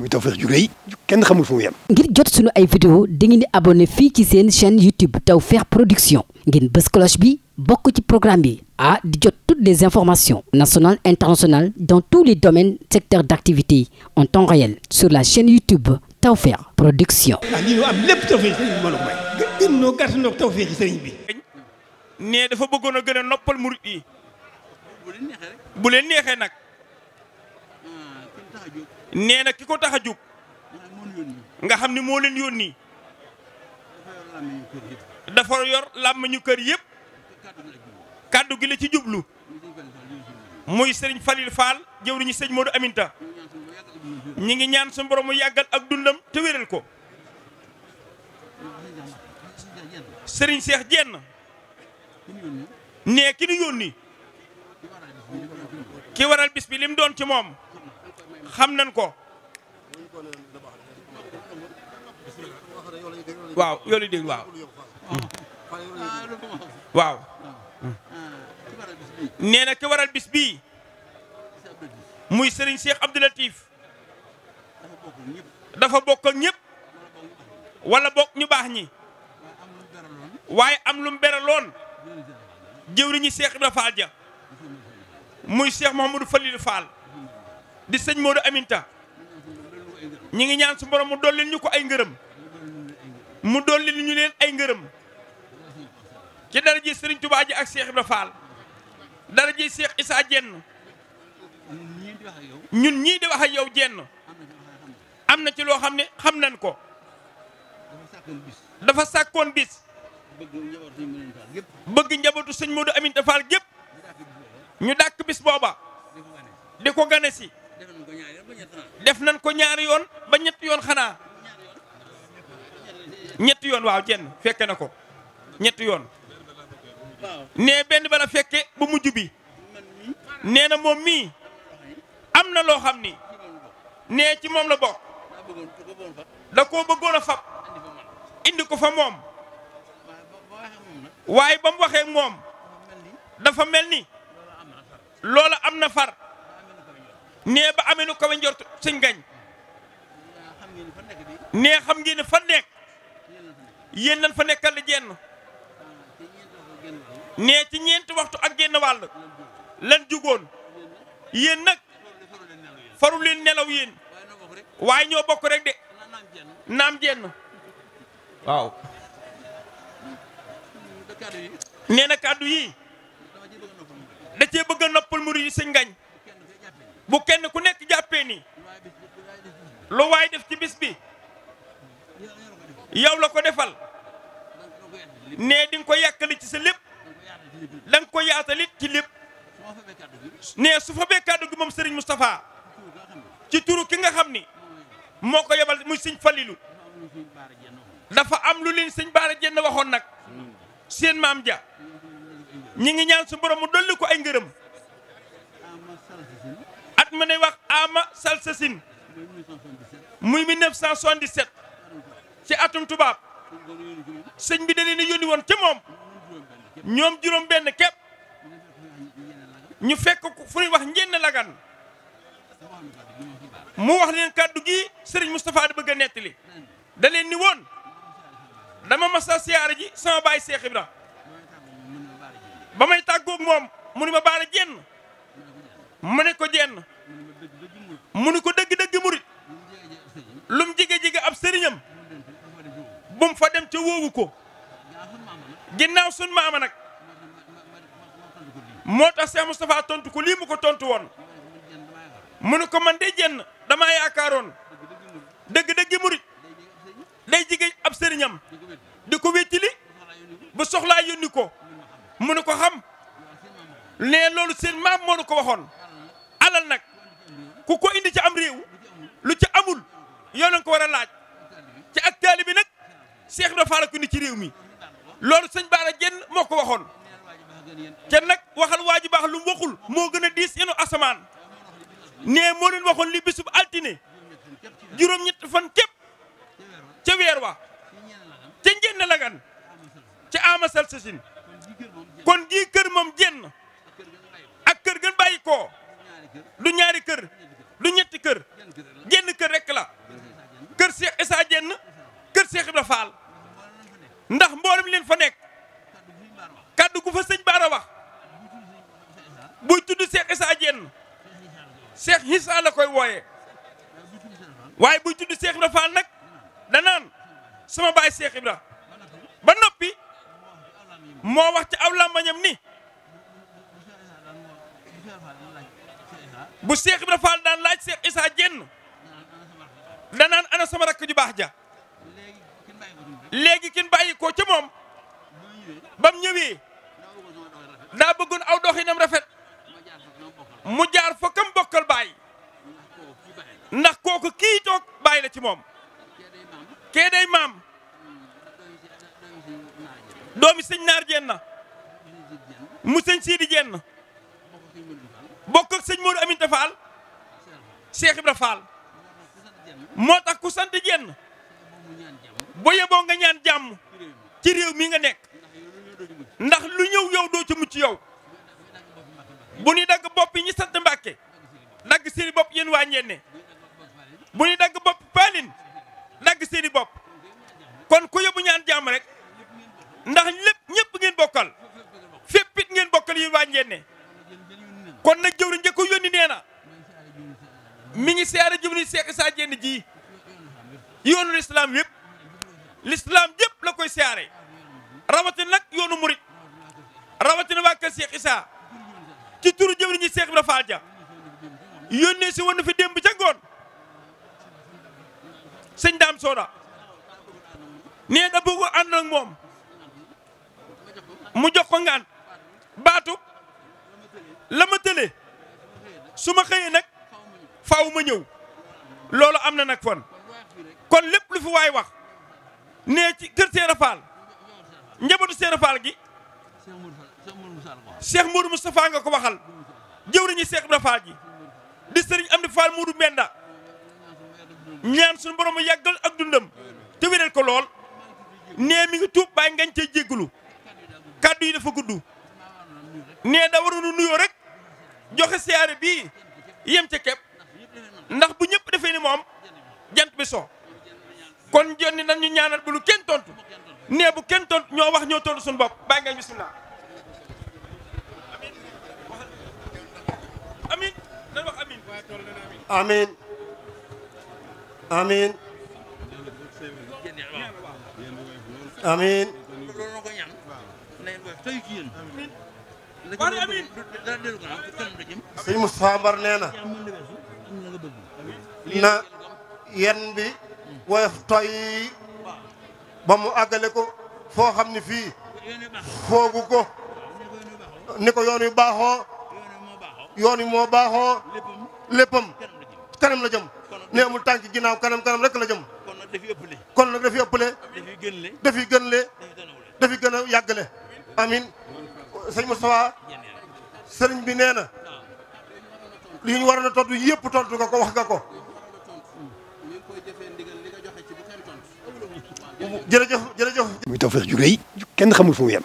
muy Tawfekh ju rëy kenn xamul fu mu yem. ngir jot sunu ay vidéo dangeen di abonné fii ci seen chaîne YouTube Tawfekh Production ngeen bës bi bokk ci programme bi ah di jot toutes les informations nationales internationales dans tous les domaines secteurs d'activité en temps réel sur la chaîne YouTube Tawfekh Production. ah la may. gën gën ñoo gàtt ñoo Tawfekh sëriñ bi. nee dafa bëggoon a a noppal murit yi bu leen neexee nag. Ah, nee na ki ko tax a jóg nga xam ni moo leen yónni dafa yor làmmiñu kër yëpp kàddu gi la ci jublu muy sëriñ Falil Fall jëwriñu sëñ Modou Aminta ñi ngi ñaan suñu borom mu yàggal ak dundam te wéral ko sëriñ seex Dieng nee ki nu yónni ki waral bis bi lim doon ci moom xam nañ ko waaw yoolu dégg waaw waaw nee na ki waral bis bii muy sëriñ Cheikh Abdou dafa bokk ak ñëpp bokk ñu baax ñi waaye am lu mu beraloon jëwriñu Cheikh Ibra Fall ja muy Cheikh Mouhamadou Falil Fall di sëñ Modou Aminta ñi ngi ñaan su borom mu dolli ñu ko ay ngërëm mu dolli ñu leen ay ngërëm ci dara ji sëriñ Touba ji ak Cheikh Ibra Fall dara ji Cheikh Issa Dieng ñun ñii di wax ak yow Dieng am na ci loo xam ne xam nan ko dafa sàkkoon bis bëgg njabootu sëñ Modou Aminta Fall gépp ñu dàkk bis booba di ko gane si def nañ ko ñaari yoon ba ñetti yoon xanaa ñetti yoon waaw jenn fekke na ko ñetti yoon nee benn bala fekke bu mujj bi nee na moom mii am na loo xam ni nee ci moom la bokk da koo bëggoon fab indi ko fa moom waaye ba mu waxee moom dafa mel ni loola am na far nee ba amee nu kawe njort sëñ gañ nee xam ngeen ne fa nekk yéen lan fa nekkal di jenn nee ci ñeenti waxtu ak genn wàll lan jugoon yéen nag faru leen nelaw yéen waaye ñoo bokk rek de naam jenn waaw nee na kàddu yi da cee bëgg a noppal murid yi sëñ gañ bu kenn ku nekk jàppee ni lu waay def ci bis bi yow la ko defal nee di nga ko yàkkali ci sa lépp da ko yaatalit ci lépp nee su fa bee kàddu gi moom sëriñ Moustapha ci turu ki nga xam ni moo ko yebal muy Serigne lilu dafa am lu leen Serigne Bara Diène waxoon nag seen maam ja ñi ngi ñaan su borom mu dolli ko ay ngërëm at mu ne wax Ama Salsasin muy 1977 ci atum tubaab sëñ bi da leen yónni woon ca moom ñoom juróom-benn képp ñu fekk fu ñuy wax njënn lagan mu wax leen kàddu gi sëriñ Moustapha da bëgg a nettali da ni woon dama masa siyaara ji sama baay Seex Ibra ba may tàggoog moom mu ni ma baara jenn mu ne ko jenn mu ne ko dëgg-dëgg murit lu mu jige ab sëriñam bu mu fa dem ca wóowu ko ginnaaw sun maama nag moo tax Cheikh Moustapha tontu ko lii ko tontu woon mu ne ko man de jenn damaa yaakaaroon dëgg-dëgg murit day jige ab sëriñam di ko wéttili bu soxlaa yónni ko mu ne ko xam ne loolu seen maam moo nu ko waxoon alal nag ko ko indi ci am réew lu ci amul yoonanga ko war a laaj ci ak taali bi nag Cheikh Ibra Fall ko indi ci réew mi loolu sëñ Baara Jenn moo waxoon te nag waxal waa ji lu mu waxul moo gën a diis yenu asamaan nee moo leen waxoon li bisub altine juróom-ñett fan képp ca weer wa ca njenn lagan ca amasal sasin kon gii kër moom jenn ak kër gën bàyyi koo du ñaari kër du ñetti kër genn kër rek la kër Cheikh Issa Diène kër Cheikh Ibra Fall ndax mboolem leen fa nekk kaddu gu fa sëñ Baara wax buy tudd Cheikh Issa Diène Cheikh Issa la koy wooye waaye buy tudd Cheikh Ibra Fall nag danaan sama baay seexi Ibra ba noppi moo wax ci aw làmbañam ni bu Cheikh Ibra Fall daan laaj Cheikh Issa Diène danaan ana sama rakk ju baax ja léegi kin bàyyi ko ca moom bam ñëwee daa bëggoon aw doxinam rafet mu jaar fa kam bokkal bàyyi ndax kooku kii toog bàyyi la ci moom kee day maam doomi sëñ naar jenn na mu sëñ siidi jenn ak sëñ Modou Aminta Fall Cheikh Ibra Fall moo tax ku sant jenn bu yeboo nga ñaan jàmm ci réew mi nga nekk ndax lu ñëw yow doo ci mucc yow bu ñu dagg bopp yi ñu sant Mbàkke dagg seeni bopp yéen waa ñenne bu ñu dagg bopp paalin dagg seeni bopp kon ku yóbbu ñaan jàmm rek ndax lépp ñëpp ngeen bokkal fépp ngeen bokkal yéen waa ñenne kon nag jëwriñ njëkk yónni nee na mi ngi siyaare jëwriñ Seck saa jenn ji yoonu lislaam yëpp lislaam yëpp la koy siyaare rawatina nag yoonu murit rawatina waa kër Seck Issa ci turu jëwriñ ñi Seck Ibra Fall yónnee si woon fi démb ca ngoon sëñ daam sooda nee da bëgg ànd moom mu jox ko ngaan baatu la ma tëlee su ma xëyee nag faaw ma ñëw loolu am na nag fan kon lépp lu fi waay wax nee ci kër Seera Fall njabootu Seera Fall gi Cheikh Mourou Moustapha nga ko waxal jëwriñu Cheikh Ibra Fall ji di am Amdi Fall Mourou Mbenda ñaan suñu borom mu yàggal ak dundam te wéral ko lool nee mi ngi tuub bàyyi ngañ cee jégglu kàddu yi dafa gudd nee da waroon nuyoo rek. joxe siyaare bii yem ca kepp ndax bu ñëpp defee ni moom jant bi so kon jonni nañ ñu ñaanal bu lu kenn tontu nee bu tontu ñoo wax ñoo tontu suñu bopp bàyyi nga bismillah amin sëñ Moustapha Mbar nee na na yen bi woyof toy ba mu àggale ko foo xam ne fii foogu ko ni ko yoon yu baaxoo yoon yu moo baaxoo léppam kanam la jëm ne amul tànk ginaaw kanam kanam rek la jëm kon nag dafi ëppale dafi gënle dafi gën a yàggale amin sëñ Moustapha sëriñ bi nee na li ñu waroon a tontu yëpp tontu nga ko wax nga ko. jërëjëf jërëjëf. muy Tawfekh ju rëy kenn xamul fu mu yem.